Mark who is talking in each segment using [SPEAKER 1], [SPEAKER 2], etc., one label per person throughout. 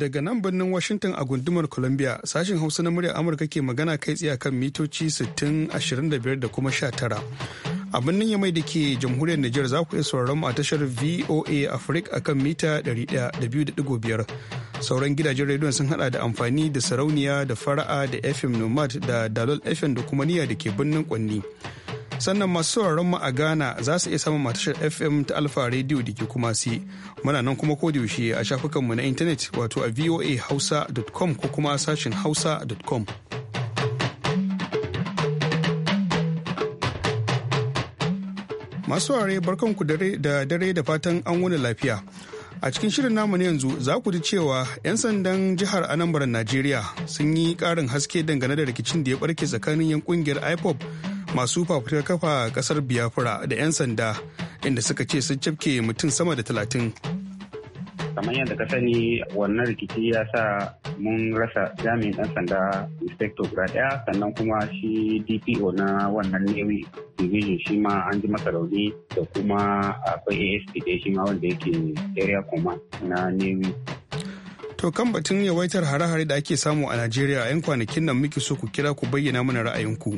[SPEAKER 1] daga nan birnin Washington a gundumar Columbia sashen Hausa na muryar Amurka ke magana kai tsaye kan mitoci 60, 25 da kuma 19. A birnin Yamai da ke jamhuriyar Nijar za ku iya sauraron a tashar VOA Africa akan mita 100.5. Sauran gidajen rediyon sun hada da amfani da sarauniya da fara'a da FM Nomad da Dalol FM da kuma niyya da ke birnin Kwanni. sannan masu sauraron mu a ghana za su iya samun matashar fm ta alfa radio da ke kuma si muna nan kuma yaushe a shafukanmu na intanet wato a voa voahausa.com ko kuma sashin hausa.com masu ware barkanku da dare da fatan an wani lafiya a cikin shirin namu na yanzu za ku ji cewa 'yan sandan jihar anambra najeriya sun yi karin haske dangane da rikicin da ya barke tsakanin yan kungiyar ipop masu fafutar kafa kasar biafra da 'yan sanda inda suka ce sun cafke mutum sama da talatin
[SPEAKER 2] kamar yadda ka sani wannan rikici ya sa mun rasa jami'in ɗan sanda inspector guda ɗaya sannan kuma shi dpo na wannan newi division shi ma an ji masa rauni da kuma akwai asp da shi ma wanda yake area command na newi
[SPEAKER 1] To kan batun yawaitar hare-hare da ake samu a Najeriya 'yan kwanakin nan muke so ku kira ku bayyana mana ra'ayinku.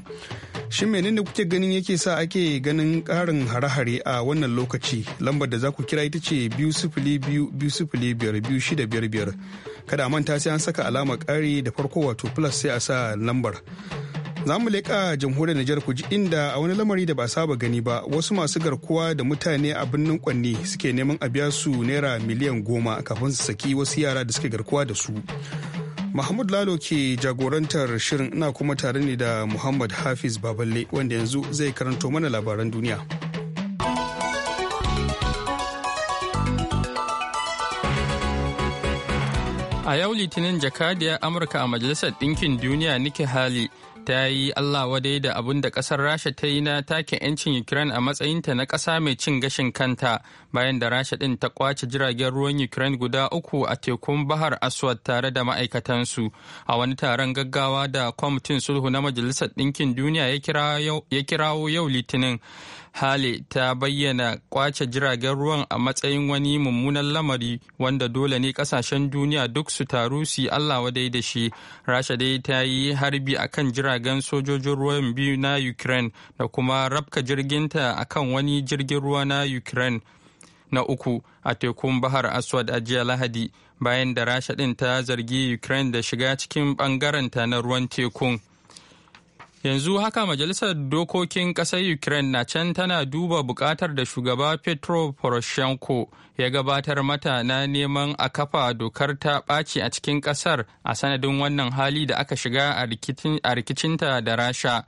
[SPEAKER 1] Shin menene kuke ganin yake sa ake ganin ƙarin hare-hare a wannan lokaci? Lambar da za ku kira ita ce biyu sifili biyu biyu sifili biyar biyu shida Kada manta sai an saka alamar ƙari da farko wato plus sai a sa lambar. Za mu leƙa jamhuriyar Nijar ku ji inda a wani lamari da ba saba gani ba wasu masu garkuwa da mutane a birnin Kwanni suke neman a biya su naira miliyan goma kafin su saki wasu yara da suke garkuwa da su. Mahmud Lalo ke jagorantar shirin ina kuma tare ne da Muhammad Hafiz Baballe wanda yanzu zai
[SPEAKER 3] karanto mana labaran duniya. A yau Litinin jakadiyar Amurka a Majalisar Ɗinkin Duniya Nikki hali. ta yi Allah wadai da abin da ƙasar Rasha ta yi na take 'yancin Ukraine a matsayinta na ƙasa mai cin gashin kanta bayan da Rasha ɗin ta ƙwace jiragen ruwan Ukraine guda uku a tekun Bahar Aswad tare da ma'aikatansu a wani taron gaggawa da kwamitin sulhu na Majalisar Ɗinkin Duniya ya kirawo yau Litinin. hale ta bayyana kwace jiragen ruwan a matsayin wani mummunan lamari wanda dole ne kasashen duniya duk su taru su allah wadai da shi rasha dai ta yi harbi akan jiragen sojojin ruwan biyu na ukraine da kuma rabka jirginta akan wani jirgin ruwa na ukraine na uku a tekun bahar aswad a jiya lahadi bayan da rasha din ta zargi ukraine da shiga cikin bangaranta na ruwan tekun yanzu haka majalisar dokokin ƙasar ukraine na can tana duba bukatar da shugaba petro poroshenko ya gabatar mata na neman a kafa dokar ta ɓaci a cikin ƙasar a sanadin wannan hali da aka shiga a rikicinta da rasha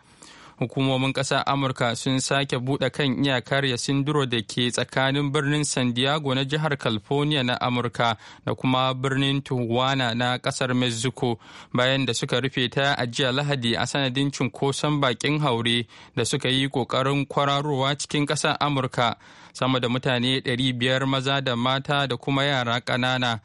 [SPEAKER 3] hukumomin ƙasar amurka sun sake buɗe kan iyakar yasinduro da ke tsakanin birnin san diego na jihar california na amurka da kuma birnin tijuana na ƙasar mexico bayan da suka rufe ta a jiya lahadi a sanadin cunkoson bakin haure da suka yi ƙoƙarin kwararowa cikin ƙasar amurka sama da mutane 500 maza da mata da kuma yara ƙanana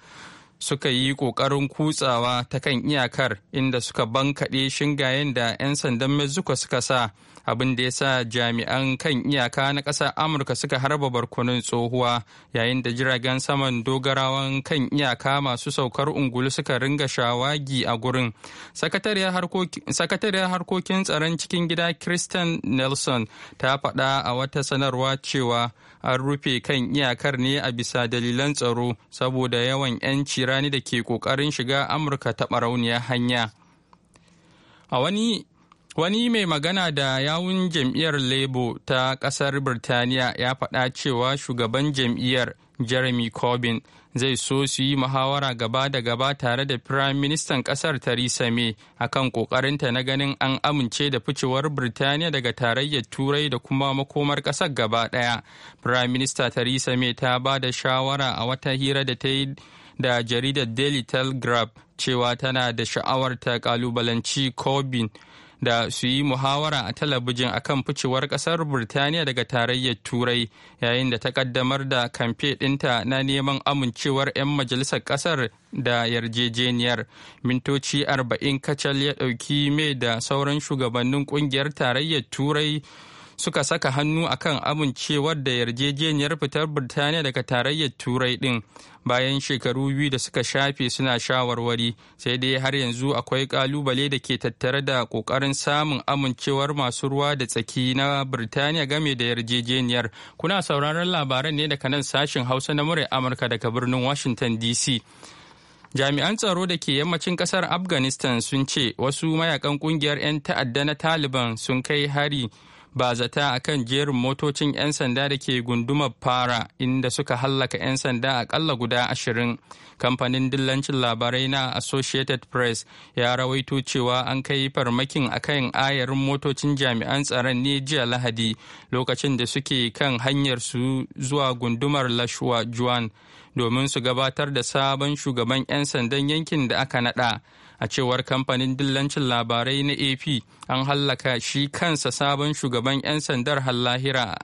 [SPEAKER 3] suka yi ƙoƙarin kutsawa ta kan iyakar inda suka bankaɗe shingayen da 'yan sandan mexico suka sa abin da ya sa jami'an kan iyaka na ƙasar amurka suka harba barkunan tsohuwa yayin da jiragen saman dogarawan kan iyaka masu saukar ungulu suka ringa shawagi a gurin sakatariyar harkokin tsaron cikin gida kristen nelson ta faɗa a wata sanarwa cewa an rufe kan iyakar ne a bisa dalilan tsaro saboda yawan 'yanci rani da ke ƙoƙarin shiga amurka ta barauniya hanya a wani Wani mai magana da yawun jam'iyyar Labour ta ƙasar Birtaniya ya faɗa cewa shugaban jam'iyyar Jeremy Corbyn zai so su yi muhawara gaba da gaba tare da Firayim Ministan ƙasar Theresa May kan ƙoƙarinta na ganin an amince da ficewar Birtaniya daga tarayyar Turai da kuma makomar ƙasar gaba ɗaya. Firayim Minista Theresa May ta ba da shawara a wata hira da ta yi da jaridar Daily Telegraph cewa tana da sha'awar ta ƙalubalanci Corbyn. da su yi muhawara a talabijin akan ficewar kasar Birtaniya daga tarayyar Turai yayin da ta kaddamar da kamfe ɗinta na neman amincewar 'yan majalisar kasar da yarjejeniyar. Mintoci arba'in kacal ya ɗauki mai da sauran shugabannin ƙungiyar tarayyar Turai suka saka hannu a kan amincewar da yarjejeniyar fitar Birtaniya daga tarayyar Turai ɗin bayan shekaru biyu da suka shafe suna shawarwari sai dai har yanzu akwai kalubale da ke tattare da kokarin samun amincewar masu ruwa da tsaki na Birtaniya game da yarjejeniyar. Kuna sauraron labaran ne daga nan sashen Hausa na murai Amurka daga birnin Washington DC. jami'an tsaro da ke yammacin kasar afghanistan sun ce wasu mayakan kungiyar 'yan ta'adda na taliban sun kai hari ba zata a kan jerin motocin 'yan sanda da ke gundumar fara inda suka hallaka 'yan sanda akalla guda ashirin kamfanin dillancin labarai na associated press ya rawaito cewa an kai farmakin a kan ayarin motocin jami'an tsaron ne jiya lahadi lokacin da suke kan hanyar su zuwa gundumar lashwa juan domin su gabatar da sabon shugaban 'yan sandan yankin da aka nada a cewar kamfanin dillancin labarai na ap an hallaka shi kansa sabon shugaban 'yan sandar hallahira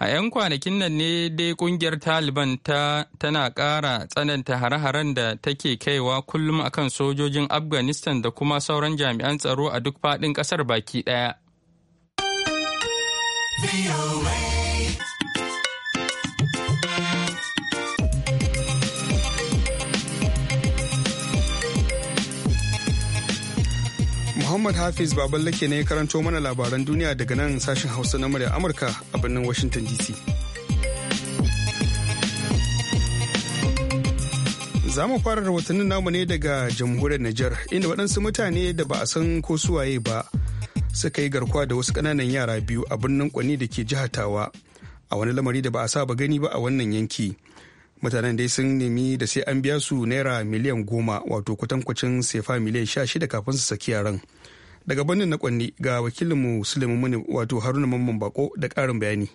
[SPEAKER 3] a 'yan kwanakin nan ne dai kungiyar taliban ta tana kara tsananta hare-haren da take kaiwa kullum akan sojojin afghanistan da kuma sauran jami'an tsaro a duk faɗin ƙasar baki ɗaya.
[SPEAKER 1] Muhammad Hafiz Baballake ne karanto mana labaran duniya daga nan sashen Hausa na murya Amurka a birnin Washington DC. Za fara rahotannin namu ne daga jamhuriyar Nijar inda waɗansu mutane da ba a san ko suwaye ba suka yi garkuwa da wasu ƙananan yara biyu a birnin Kwani da ke jihar Tawa a wani lamari da ba a saba gani ba a wannan yanki. mutanen dai sun nemi da sai an biya su naira miliyan goma wato kwatankwacin sefa miliyan sha shida kafin su saki yaran daga bannin na kwanni ga wakilinmu sulaiman wato haruna mamman bako da ƙarin bayani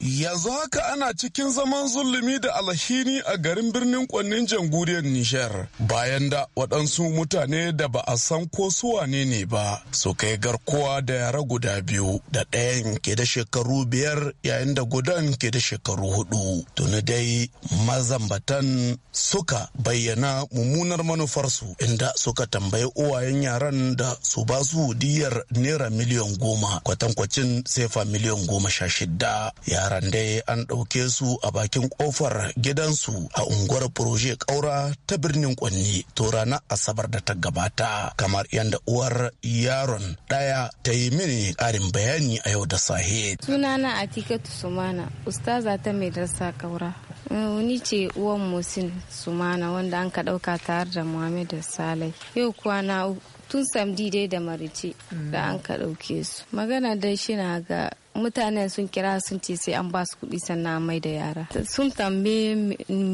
[SPEAKER 1] yanzu haka ana cikin zaman zulumi da
[SPEAKER 4] alhini a garin birnin kwannin jamhuriyar nijar bayan da waɗansu mutane da ba a san ko su wane ne ba su kai garkuwa da yara guda biyu da ɗayan ke da shekaru biyar yayin da gudan ke da shekaru hudu tuni dai mazambatan suka bayyana mummunar manufarsu inda suka tambayi uwayen yaran da su ba su diyar naira miliyan goma kwatankwacin sefa miliyan goma sha shida yaran dai an ɗauke su a bakin kofar gidansu a unguwar proje ƙaura ta birnin kwanni to ranar asabar da ta gabata kamar yadda uwar yaron ɗaya ta yi mini ƙarin bayani a yau da sahe
[SPEAKER 5] sunana atikatu sumana ustaza ta mai darsa ƙaura eh, ni ce uwan musin sumana wanda an ka ɗauka tare da muhammed salai yau kwana tun samdi dai da marice da an ka ɗauke su magana dai shi na ga mutanen sun kira sun ce sai an ba su kuɗi sannan mai da yara sun tambaye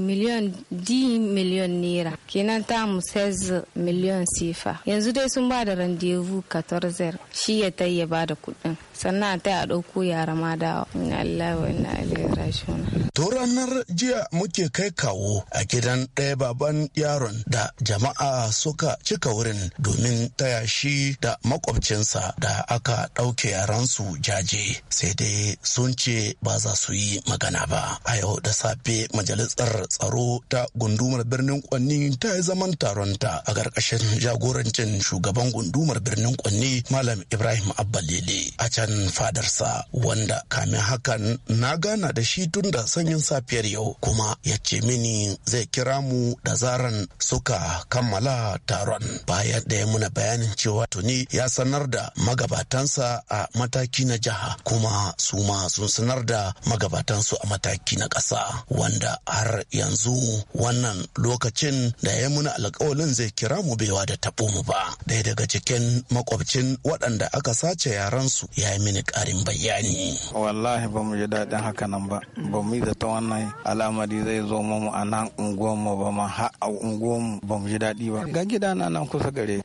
[SPEAKER 5] miliyan di miliyan naira kenan ta mu miliyon miliyan sifa yanzu dai sun ba da randevu 14 shi ya ta ya ba da kuɗin sannan ta a ɗauko yara ma da Allah wa ina
[SPEAKER 4] To ranar jiya muke kai kawo a gidan ɗaya baban yaron da jama'a suka cika wurin domin taya shi da makwabcinsa da aka ɗauke yaransu jaje sai dai sun ce ba za su yi magana ba a yau da safe majalisar tsaro ta gundumar birnin kwanni ta yi zaman taronta a ƙarƙashin jagorancin shugaban gundumar birnin kwanni malam ibrahim abbalele a can fadarsa wanda kamin hakan na gana da shi tun da sanyin safiyar yau kuma ya ce mini zai kira mu da zaran suka kammala taron bayan da ya muna bayanin cewa tuni ya sanar da magabatansa a mataki na jiha kuma kuma su ma sun sanar da magabatansu a mataki na ƙasa wanda har yanzu wannan lokacin da ya muna alkawalin zai kira mu baiwa da tabo mu ba ɗaya daga cikin makwabcin waɗanda aka sace su ya yi mini ƙarin
[SPEAKER 5] bayani wallahi ba mu ji daɗin haka nan ba ba mu yi ta wannan alamari zai zo mu a nan mu ba ma ha a mu ba mu ji daɗi ba ga gida na nan kusa gare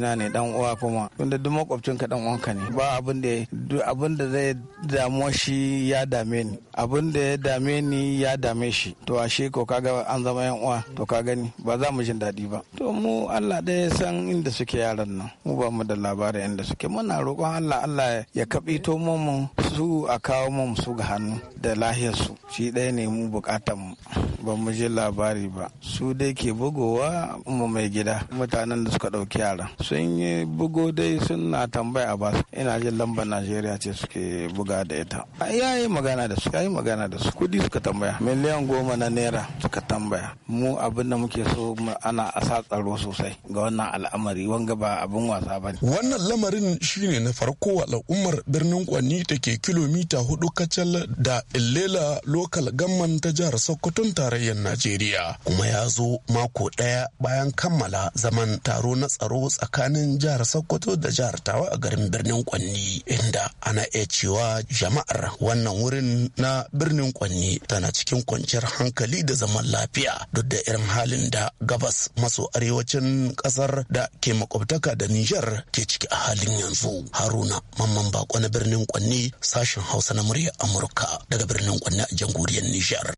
[SPEAKER 5] na ne dan uwa kuma tunda duk ka dan uwanka ne ba abin da abin da zai damuwa shi ya dame ni abin da ya dame ni ya dame shi to shi ko kaga an zama yan uwa to ka gani ba za mu jin daɗi ba to mu Allah ɗaya san inda suke yaran nan mu ba mu da labarin inda suke muna roƙon Allah Allah ya to mu su a kawo mu su ga hannu da lahiyar su shi ɗaya ne mu bukatan mu ba mu ji labari ba su dai ke bugowa mu mai gida mutanen da suka ɗauki yaran. sun yi bugo dai suna tambaya a basu ina jin lambar Najeriya ce suke buga da ita a yi magana da su ya yi magana da su kudi suka tambaya miliyan goma na naira suka tambaya mu abin da muke so ana asa tsaro sosai ga wannan al'amari wanga ba abin wasa bane. wannan
[SPEAKER 4] lamarin shine na farko al'ummar birnin kwanni da ke kilomita hudu kacal da illela lokal gamman ta jihar sokoton tarayyar najeriya kuma ya zo mako daya bayan kammala zaman taro na tsaro tsakanin jihar sokoto da jihar tawa a garin birnin kwanni inda ana iya cewa jama'ar wannan wurin na birnin kwanne tana cikin kwanciyar hankali da zaman lafiya duk da irin halin da gabas maso arewacin kasar da ke makwabtaka da Nijar ke ciki a halin yanzu. Haruna Mamman Bako na birnin kwanne sashen Hausa na murya Amurka daga birnin kwanne a jamhuriyar Nijar.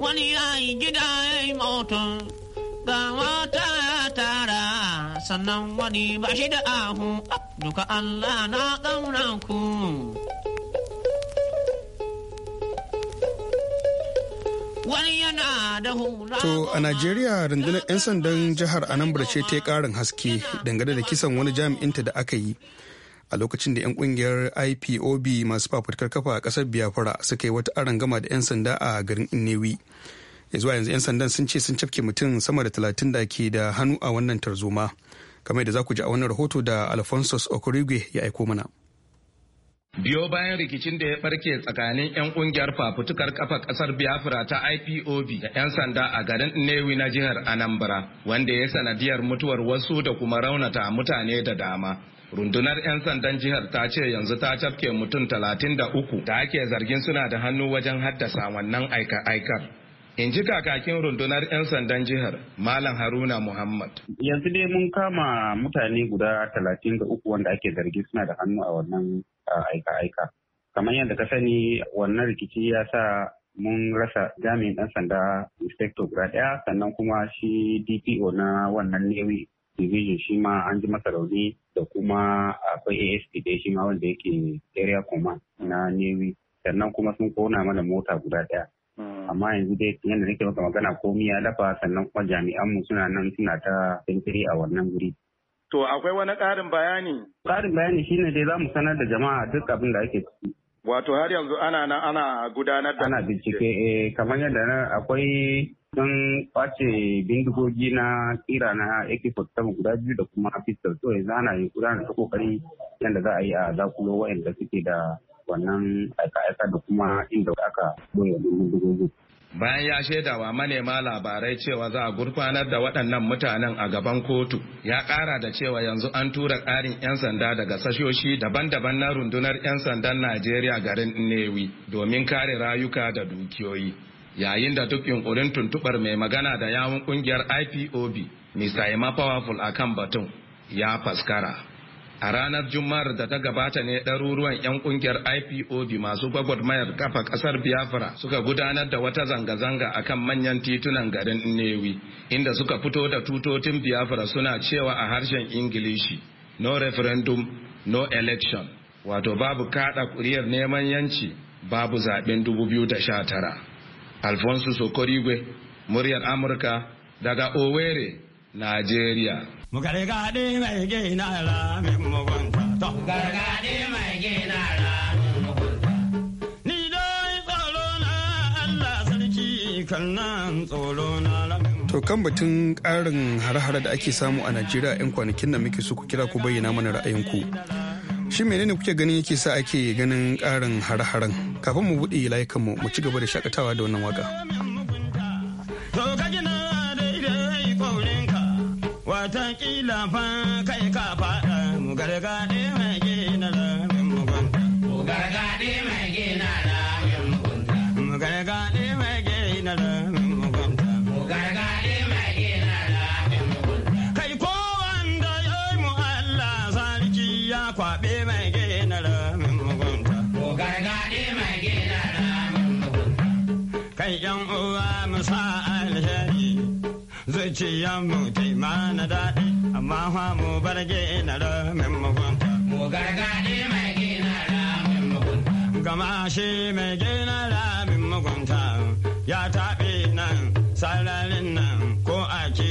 [SPEAKER 6] wani ya yi gida ya yi moto ga mata ya tara sannan wani ba shi da ahu duka Allah na ƙauna ku.
[SPEAKER 1] To a Najeriya rundunar 'yan sandan jihar Anambra ce ta yi ƙarin haske dangane da kisan wani jami'inta da aka yi a lokacin da 'yan kungiyar ipob masu fafutukar kafa a kasar biafra suka yi wata arangama da 'yan sanda a garin innewi ya zuwa yanzu 'yan sandan sun ce sun cafke mutum sama da talatin da ke da hannu a wannan tarzoma kamar da za ku ji a wannan rahoto da alphonsus okorigwe ya aiko mana
[SPEAKER 7] biyo bayan rikicin da ya barke tsakanin 'yan kungiyar fafutukar kafa kasar biafra ta ipob da 'yan sanda a garin newi na jihar anambra wanda ya sanadiyar mutuwar wasu da kuma raunata mutane da dama rundunar 'yan sandan jihar ta ce yanzu ta cafke mutum talatin da da ake zargin suna da hannu wajen haddasa wannan aika-aikar in ji kakakin rundunar 'yan sandan jihar malam haruna muhammad
[SPEAKER 2] yanzu ne mun kama mutane guda talatin wanda ake zargi suna da hannu a wannan aika-aika kamar yadda ka sani wannan rikici ya sa mun rasa jami'in ɗan sanda inspector guda ɗaya sannan kuma shi dpo na wannan nauyi. E division shi ma an ji masa rauni da kuma akwai asp da shi ma wanda yake area command na navy sannan kuma sun kona mana mota guda daya hmm. amma yanzu dai yadda nake maka magana komi ya lafa sannan kuma jami'an mu suna nan suna ta sintiri a wannan guri
[SPEAKER 7] to akwai wani ƙarin
[SPEAKER 2] bayani ƙarin bayani shine dai za mu sanar da jama'a duk abin da ake ciki
[SPEAKER 7] Wato har yanzu ana
[SPEAKER 2] nan ana gudanar da ana bincike eh kamar yadda na akwai sun kwace bindigogi na tsira na AK47 guda biyu da kuma pistol to yanzu ana yin gudanar da kokari yadda za a yi a zakulo wa'anda suke da wannan aika-aika da kuma inda aka boye bindigogi.
[SPEAKER 7] bayan ya wa manema labarai cewa za a gurfanar da waɗannan mutanen a gaban kotu ya ƙara da cewa yanzu an tura ƙarin 'yan sanda daga sashoshi daban-daban na rundunar 'yan sandan najeriya garin newi domin kare rayuka da dukiyoyi yayin da duk yunkurin tuntubar mai magana da yawun ƙungiyar ipob mr powerful akan batun ya faskara A ranar Juma'ar da ta gabata ne ɗaruruwan 'yan ƙungiyar IPOB masu gwagwarmayar kafa ƙasar Biafra suka gudanar da wata zanga-zanga a kan manyan titunan garin Newi, inda suka fito da tutotin Biafra suna cewa a harshen Ingilishi, no referendum, no election, wato babu kaɗa ƙuri'ar neman yanci, babu zaɓen 2019. Alfonso Sokorigwe, muryar Amurka, daga Owerri, Najeriya.
[SPEAKER 8] Allah sarki kan
[SPEAKER 1] To kan batun ƙarin hare-hare da ake samu a Najeriya 'yan kwanakin da muke so ku kira ku bayyana mana ra'ayinku. Shi menene kuke ganin yake sa ake ganin ƙarin hare-haren? Kafin mu buɗe layukanmu mu ci gaba da shakatawa da wannan waka.
[SPEAKER 8] watakila fa kai ka faɗa mu gargaɗe mai gina ramin mugunta. Mu gargaɗe mai gina ramin mugunta. Mu gargaɗe mai gina ramin zuciyanmu ke mana daɗi amma fa mu bar gina ramin mugunta. Mu gargaɗi mai gina ramin mugunta. Gama shi mai gina ramin mugunta ya taɓe nan sararin nan ko ake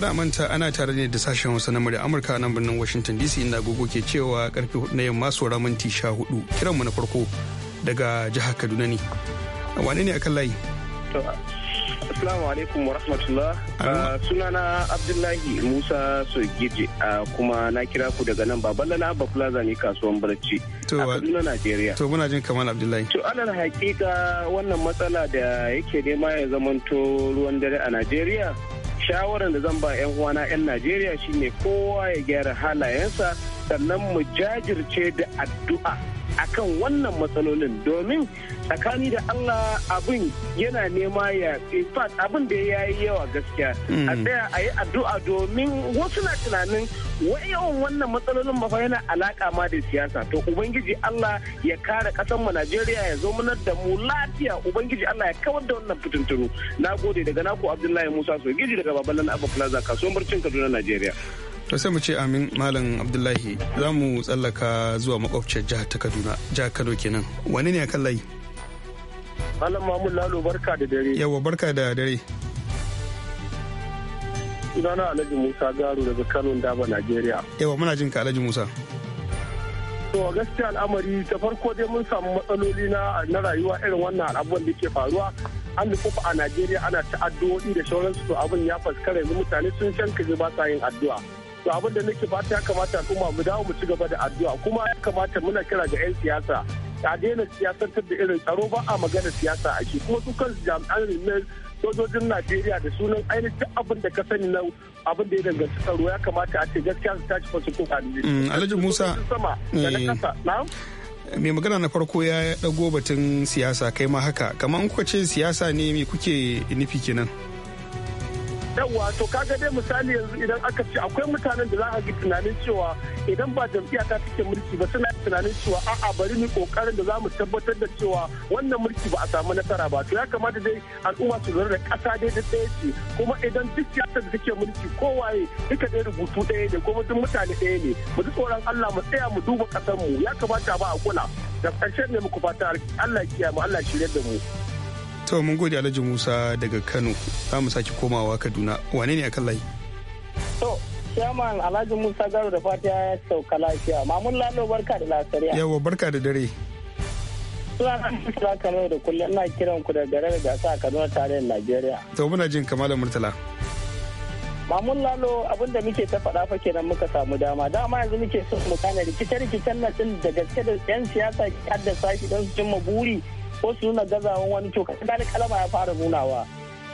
[SPEAKER 1] kada manta ana tare ne da sashen hausa na murya amurka nan birnin washington dc inda gogo ke cewa karfe hudu na yamma sora minti sha hudu mu na farko daga jihar kaduna ne wane ne akan layi
[SPEAKER 9] Assalamu alaikum wa rahmatullah. Ah, sunana Abdullahi Musa Sogije ah, kuma na kira ku daga nan Baballa na ba Plaza ne kasuwan Barci a Kaduna Najeriya.
[SPEAKER 1] To muna jin kamar Abdullahi. To
[SPEAKER 9] alal hakika wannan matsala da yake nema ya zamanto ruwan dare a Najeriya. shawaran da zan ba 'yan uwana 'yan najeriya shine kowa ya gyara halayensa sannan mu jajirce da addu'a akan wannan matsalolin domin tsakani da Allah abin yana nema ya fat abin da ya yi yawa gaskiya hmm. a tsaya a yi addu'a domin wasu na tunanin yawan wannan matsalolin ba yana alaka ma da siyasa to ubangiji Allah ya kare kasar mu Najeriya ya zo munar da mu lafiya ubangiji Allah ya kawar da wannan fitintunu nagode daga naku Abdullahi Musa Sogiji daga Babalan abu Plaza kasuwar Barcin Kaduna Najeriya
[SPEAKER 1] to sai mu ce amin malam abdullahi za mu tsallaka zuwa makwabciyar jihar ta kaduna jihar kano kenan wani ne a kan layi malam mamun lalo barka da dare yawa barka da dare
[SPEAKER 10] sunana alhaji musa garu daga kano daba nigeria
[SPEAKER 1] yawa muna jin ka alhaji musa
[SPEAKER 10] to gaskiya al'amari ta farko dai mun samu matsaloli na na rayuwa irin wannan abubuwan da ke faruwa an nufa a najeriya ana ta addu'o'i da sauransu to abin ya faskara yanzu mutane sun shan kaje ba sa yin addu'a to abin da nake fata ya kamata kuma mu dawo mu ci gaba da addu'a kuma ya kamata muna kira ga 'yan siyasa a daina siyasantar da irin tsaro ba a magana siyasa a shi kuma su kan jami'an rimel sojojin najeriya da sunan ainihin abin da ka sani na abin da ya danganci tsaro ya kamata a ce gaskiya su tashi fasu ko kalili mm, alhaji musa
[SPEAKER 1] eh, mai magana na farko ya dago batun siyasa kai ma haka kamar kuka ce siyasa ne mai kuke nufi kenan
[SPEAKER 6] yawa to kaga dai misali yanzu idan aka ce akwai mutanen da za a ga tunanin cewa
[SPEAKER 10] idan ba jam'iyya ta take mulki ba suna tunanin cewa a'a bari ni kokarin da za mu tabbatar da cewa wannan mulki ba a samu nasara ba to ya kamata dai al'umma su lura da kasa dai da ɗaya ce kuma idan duk siyasar da take mulki kowaye duka dai rubutu ɗaya ne kuma duk mutane ɗaya ne mu ji tsoron Allah mu tsaya mu duba ƙasarmu mu ya kamata ba a kula da ƙarshen ne muku fata Allah ya
[SPEAKER 6] kiyaye mu Allah shirye da mu
[SPEAKER 1] to mun gode alhaji musa daga kano za mu sake komawa kaduna wane ne akan layi
[SPEAKER 6] to Shaman Alhaji Musa Garo da fatiya ya sauka lafiya. Mamun Lalo barka da lasariya.
[SPEAKER 1] Yawa barka da dare.
[SPEAKER 6] Suna na Kano da kullum ina kiran ku da gare da gasa kaduna Kano tarayyar Najeriya.
[SPEAKER 1] To muna jin Kamala Murtala.
[SPEAKER 6] Mamun Lalo abin da muke ta faɗa fa kenan muka samu dama. Dama yanzu muke so mu kana rikice-rikicen nan din da gaske da 'yan siyasa haddasa shi don su cimma buri. ko su nuna gazawan wani to ka da kalama ya fara nunawa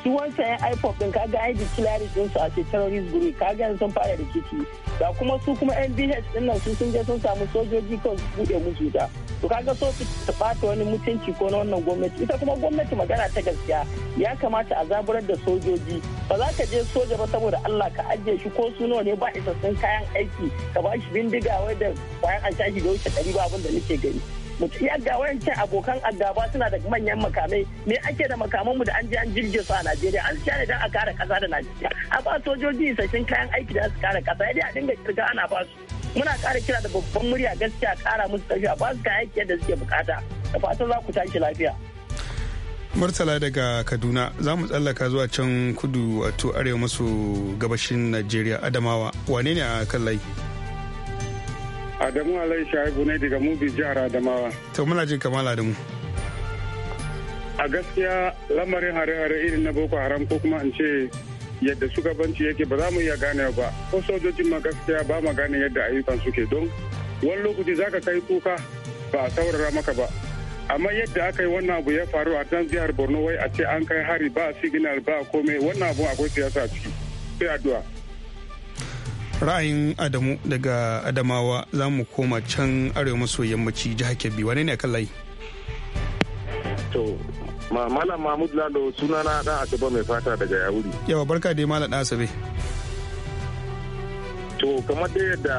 [SPEAKER 6] su wancan yan ipop din kaga ai declare din su a ce terrorist group kaga yanzu sun fara rikici da kuma su kuma ndh din nan su sun je sun samu sojoji kan su buɗe musu da to kaga so su ɓata wani mutunci ko na wannan gwamnati ita kuma gwamnati magana ta gaskiya ya kamata a zaburar da sojoji ba za ka je soja ba saboda Allah ka ajiye shi ko su nawa ne ba isassun kayan aiki ka ba shi bindiga wai da kwayan an tashi da wuce ɗari ba abin da nake gani mutum ya ga wayancan abokan addaba suna da manyan makamai me ake da makamanmu da an ji an jirge su a Najeriya an share dan a kara kasa da Najeriya a ba sojoji sashin kayan aiki da su kare kasa yadda a dinga kirga ana ba su muna kara kira da babban murya gaskiya kara musu tafiya ba su kayan aiki yadda suke bukata da fatan za ku tashi lafiya
[SPEAKER 1] Murtala daga Kaduna za mu tsallaka zuwa can kudu wato arewa maso gabashin Najeriya Adamawa wane ne a kan laifi.
[SPEAKER 10] Adamu Alai Shaibu ne daga Mubi jihar Adamawa.
[SPEAKER 1] To muna jin kamar Adamu.
[SPEAKER 10] A gaskiya lamarin hare-hare irin na Boko Haram ko kuma an ce yadda shugabanci yake ba za mu iya gane ba. Ko sojojin ma gaskiya ba mu gane yadda ayyukan suke don wani lokaci za ka kai kuka ba a saurara maka ba. amma yadda aka yi wannan abu ya faru a can jihar Borno wai a ce an kai hari ba signal ba komai wannan abu akwai siyasa a ciki. Sai addu'a.
[SPEAKER 1] ra'ayin adamu daga adamawa za mu koma can arewa maso yammaci jihar kebbi wane ne kan layi
[SPEAKER 10] to malam mahmud lalo suna na dan asabe mai fata daga yawuri
[SPEAKER 1] yawa barka dai malam dan asabe
[SPEAKER 10] to kamar da yadda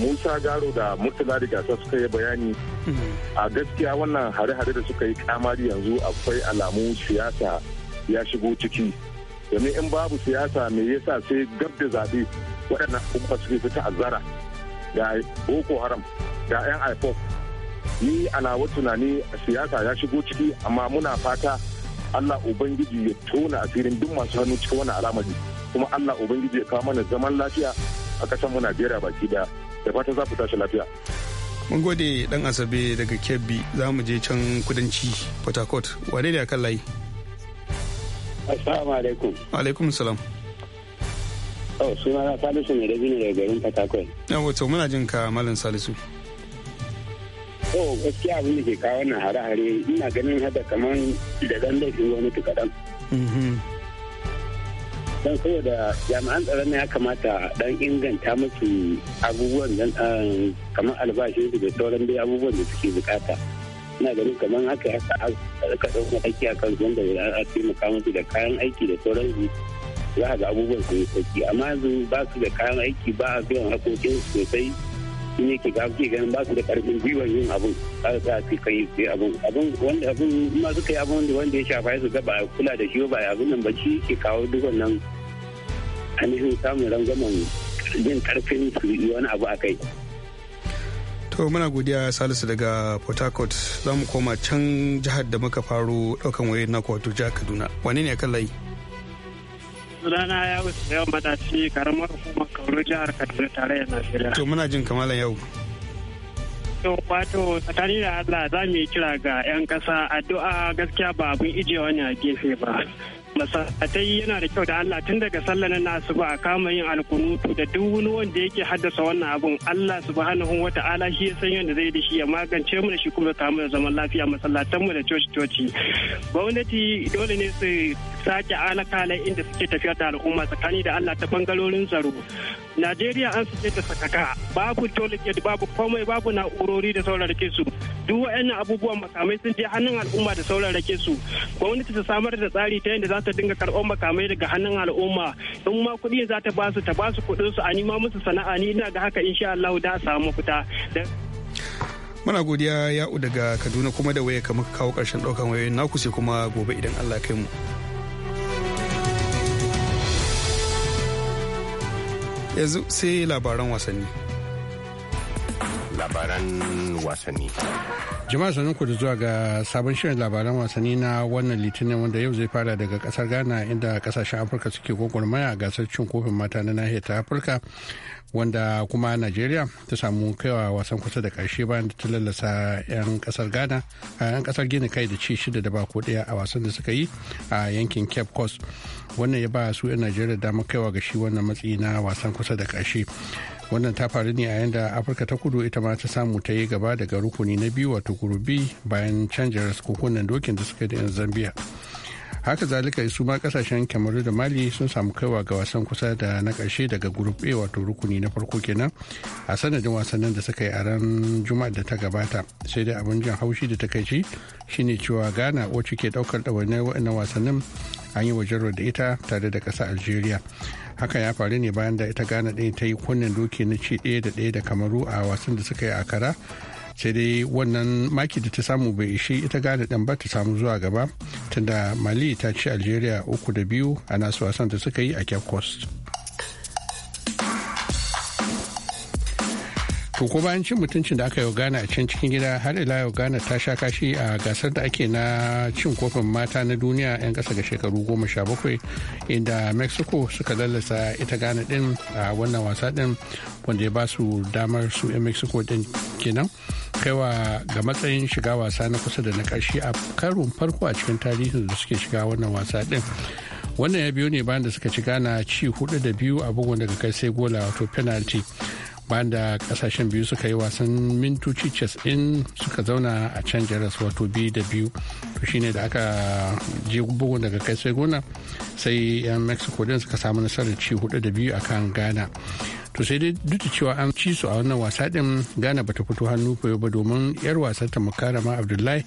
[SPEAKER 10] musa garo da murtala da gasa suka yi bayani mhm. a gaskiya wannan hare-hare da suka yi kamari yanzu akwai alamu siyasa ya shigo ciki domin in babu siyasa me yasa sai gab da zaɓe waɗannan abubuwa suke fita a zara da boko haram da yan ipoc ni alawar tunani siyasa ya shigo ciki amma muna fata allah ubangiji ya tona asirin duk masu hannu cikin wani alamari kuma allah ubangiji ya kawo mana zaman lafiya a kasan mu najeriya baki daya da fata za
[SPEAKER 1] ku tashi lafiya mun gode dan asabe daga kebbi za mu je can kudanci port harcourt wane ne a kan layi Assalamu alaikum. Wa alaikum salam.
[SPEAKER 9] Oh, suna na Salisu ne da ne daga garin Fatakwal.
[SPEAKER 1] Ya wato muna jin ka Malam Salisu.
[SPEAKER 9] Oh, gaskiya abin da ke kawo wannan hare-hare ina ganin hada kamar da dan laifin gwamnati kaɗan. Mm-hmm. Don saboda jami'an tsaron ne ya kamata dan inganta musu abubuwan dan ah, kamar albashin su da sauran dai abubuwan da suke bukata. ina ganin kamar haka ya sa aka ɗauka aiki a kan wanda a taimaka musu da kayan aiki da sauran su za a ga abubuwan sun sauki amma yanzu ba su da kayan aiki ba a biyan hakokin sosai ne ke ga ke ganin ba su da karfin gwiwar yin abun za su ce kai sai abun abun wanda abun ma suka yi abun wanda ya shafa su ga ba kula da shi ba abun nan ba shi ke kawo duk wannan ainihin samun rangwamen jin karfin su yi wani abu a kai.
[SPEAKER 1] to muna godiya salisu daga port harcourt za mu koma can jihar da muka faru daukan wayar na wato jihar kaduna wane ne kan layi
[SPEAKER 9] sunana ya wuce da yawan matashi karamar hukumar kauru jihar kaduna da najeriya
[SPEAKER 1] to muna jin kamalan yau
[SPEAKER 9] to wato tsakani da allah za mu yi kira ga 'yan kasa addu'a gaskiya ba abin ijewa ne a gefe ba masallatai yana da kyau da Allah tun daga sallar na asuba a kama yin alkunutu da duk wani wanda yake haddasa wannan abun Allah subhanahu wa ta'ala shi ya san yadda zai da shi ya magance mu da shi kuma kamu da zaman lafiya masallatan mu da coci coci gwamnati dole ne su sake alakalai inda suke tafiyar da al'umma tsakani da Allah ta bangarorin tsaro. Najeriya an suke ta sakaka babu tolikit babu komai babu na'urori da saurarake su duk waɗannan abubuwan makamai sun je hannun al'umma da saurarake su gwamnati ta samar da tsari ta yadda za ta dinga karɓar makamai daga hannun al'umma in ma kuɗi za ta basu ta basu kuɗin su a nima musu sana'a ni ina ga haka insha Allah da samu fita.
[SPEAKER 1] Muna godiya ya'u daga Kaduna kuma da waya kamar kawo ƙarshen ɗaukan wayoyin naku sai kuma gobe idan Allah kai mu. yanzu sai labaran wasanni labaran wasanni
[SPEAKER 11] jama'a sanin ku da zuwa ga sabon shirin labaran wasanni na wannan litinin wanda yau zai fara daga kasar ghana inda kasashen afirka suke gwagwarmaya a gasar cin kofin mata na nahiyar ta afirka wanda kuma najeriya ta samu kaiwa wasan kusa da karshe bayan da ta lalasa 'yan kasar ghana a 'yan kasar gini kai da ci shida da ba ko daya a wasan da suka yi a yankin cape coast wannan ya ba su 'yan najeriya damar kaiwa ga shi wannan matsi na wasan kusa da karshe wannan ta faru ne a yanda afirka ta kudu ita ma ta samu ta yi gaba daga rukuni na biyu wato gurubi bayan canjar kukunan dokin da suka da 'yan zambia haka zalika su ma kasashen kamaru da mali sun samu kaiwa ga wasan kusa da na karshe daga group a wato rukuni na farko kenan a sanadin wasannin da suka yi a ran juma'a da ta gabata sai dai abin jan haushi da takaici shine cewa ghana wacce ke daukar ɗawainiyar waɗannan wasannin an yi wajen da ita tare da ƙasa algeria haka ya faru ne bayan da ita ghana ɗaya ta yi kunnen doki na ci ɗaya da ɗaya da kamaru a wasan da suka yi a kara sai dai wannan maki da ta samu bai ishe ita gane dan ba ta samu zuwa gaba tunda mali ta ci algeria uku da biyu a nasu wasan da suka yi a cape coast to ko bayan cin mutuncin da aka yi gana a can cikin gida har ila yau gana ta sha kashi a gasar da ake na cin kofin mata na duniya 'yan kasa ga shekaru goma sha bakwai inda mexico suka lallasa ita gana din a wannan wasa din wanda ya ba su damar su 'yan mexico din kenan kaiwa ga matsayin shiga wasa na kusa da na karshe a karon farko a cikin tarihin da suke shiga wannan wasa din wannan ya biyo ne bayan da suka ci gana ci hudu da biyu a bugun daga kai sai gola wato penalty bayan da kasashen biyu suka yi wasan mintoci chess in suka zauna a can jaras wato biyu da biyu to shine da aka je bugun daga kai sai gona sai yan mexico din suka samu nasarar ci hudu da biyu kan ghana to sai dai duk da cewa an ci su a wannan wasa din gana bata fito hannu koyo ba domin yar wasan ta mukarama abdullahi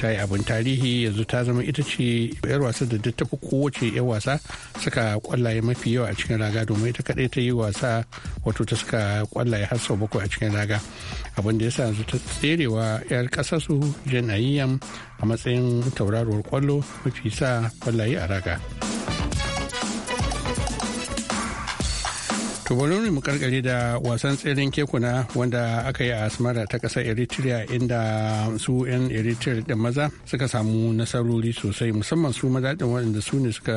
[SPEAKER 11] ta yi abin tarihi yanzu ta zama ita ce yar wasa da ta tafi kowace yar wasa suka kwallaye mafi yawa a cikin raga domin ita kadai ta yi wasa wato ta suka kwallaye har sau bakwai a cikin raga abin da yasa yanzu ta tserewa yar kasa su janayyam a matsayin tauraruwar kwallo mafi sa kwallaye a raga. to bari mu karkare da wasan tseren kekuna wanda aka yi a asmara ta kasar eritrea inda su 'yan eritrea da maza suka samu nasarori sosai musamman su maza din waɗanda su ne suka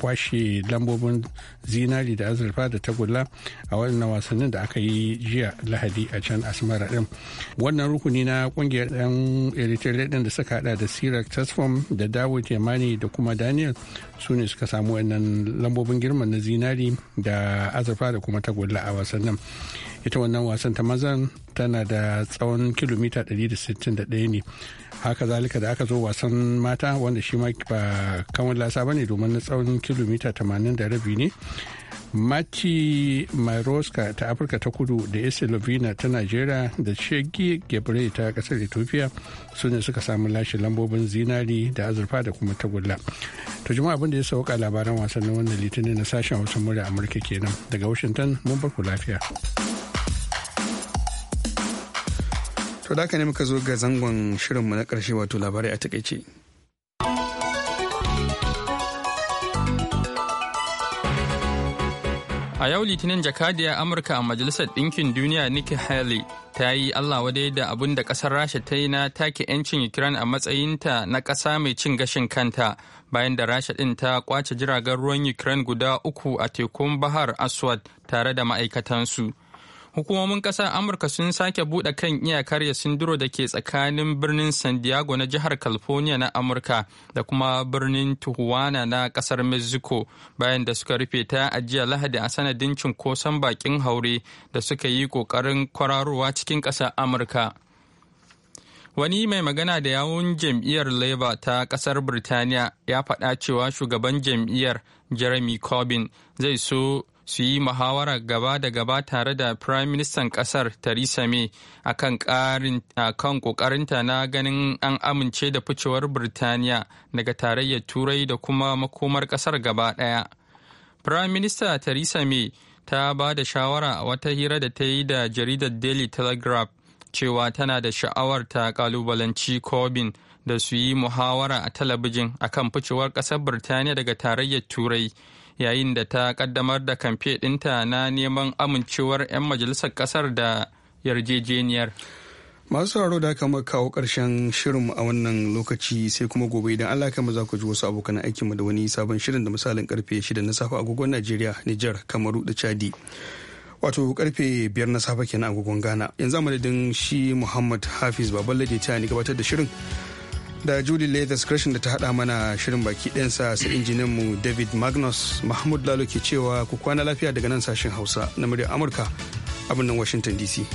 [SPEAKER 11] kwashe lambobin zinari da azurfa da tagulla a waɗannan wasannin da aka yi jiya lahadi a can asmara din wannan rukuni na kungiyar 'yan eritrea din da suka hada da sirak tasfom da dawud yamani da kuma daniel su ne suka samu wannan lambobin girman na zinari da azurfa da kuma tagulla a wasan wasannin ita wannan wasan ta mazan tana da tsawon kilomita 161 ne haka zalika da aka zo wasan mata wanda shi ma ba wani lasa ba ne domin na tsawon kilomita 80 da rabi ne mati maroska ta afirka ta kudu da eslovina ta najeriya da shegi gebre ta kasar ethiopia su ne suka samu lashe lambobin zinari da azurfa da kuma tagulla to jima abin da ya sauka labaran wasannin wannan litinin na sashen hausa murya amurka kenan daga washington mun bar ku lafiya
[SPEAKER 1] to da haka ne muka zo ga zangon shirinmu na ƙarshe wato labarai a takaice
[SPEAKER 3] A yau Litinin jakadiyar Amurka a Majalisar Ɗinkin Duniya Nikki Haley ta yi Allah wadai da abin da ƙasar Rasha ta yi na take 'yancin Ukraine a matsayinta na ƙasa mai cin gashin kanta bayan da Rasha ɗin ta kwace jiragen ruwan Ukraine guda uku a tekun Bahar Aswad tare da ma'aikatansu. hukumomin ƙasar amurka sun sake buɗe kan iyakar sinduro da ke tsakanin birnin san diego na jihar california na amurka da kuma birnin tijuana na ƙasar mexico bayan da suka rufe ta ajiya lahadi a sanadin cinkoson bakin haure da suka yi ƙoƙarin kwararowa cikin kasar amurka Wani mai magana da yawun jam'iyyar Labour ta kasar Birtaniya ya faɗa cewa shugaban jam'iyyar Jeremy Corbyn zai so su yi muhawara gaba da gaba tare da Prime minister kasar Theresa May akan kan ƙoƙarinta na ganin an amince da ficewar Birtaniya daga tarayyar Turai da kuma makomar kasar gaba ɗaya. Prime Minister Theresa May ta ba da shawara a wata hira da ta yi da jaridar Daily Telegraph cewa tana da sha'awar ta kalubalanci Corbyn da su yi muhawara a talabijin akan ficewar kasar Birtaniya daga tarayyar Turai. yayin da ta kaddamar da kamfe ɗinta na neman amincewar 'yan majalisar ƙasar da yarjejeniyar.
[SPEAKER 1] masu sauraro da aka kawo karshen shirinmu a wannan lokaci sai kuma gobe idan Allah kama za ku ji wasu abokan aikinmu da wani sabon shirin da misalin karfe shida na safe agogon Najeriya, Nijar, Kamaru da Chadi. Wato karfe 5 na safe kenan agogon Ghana. Yanzu amadadin shi Muhammad Hafiz Baballe da ta ni gabatar da shirin da julie leathers gresham da ta hada mana shirin baki sa sa injiniyan mu david magnus mahmud lalo ke cewa ku kwana lafiya daga nan sashen hausa na muryar amurka abin nan washington dc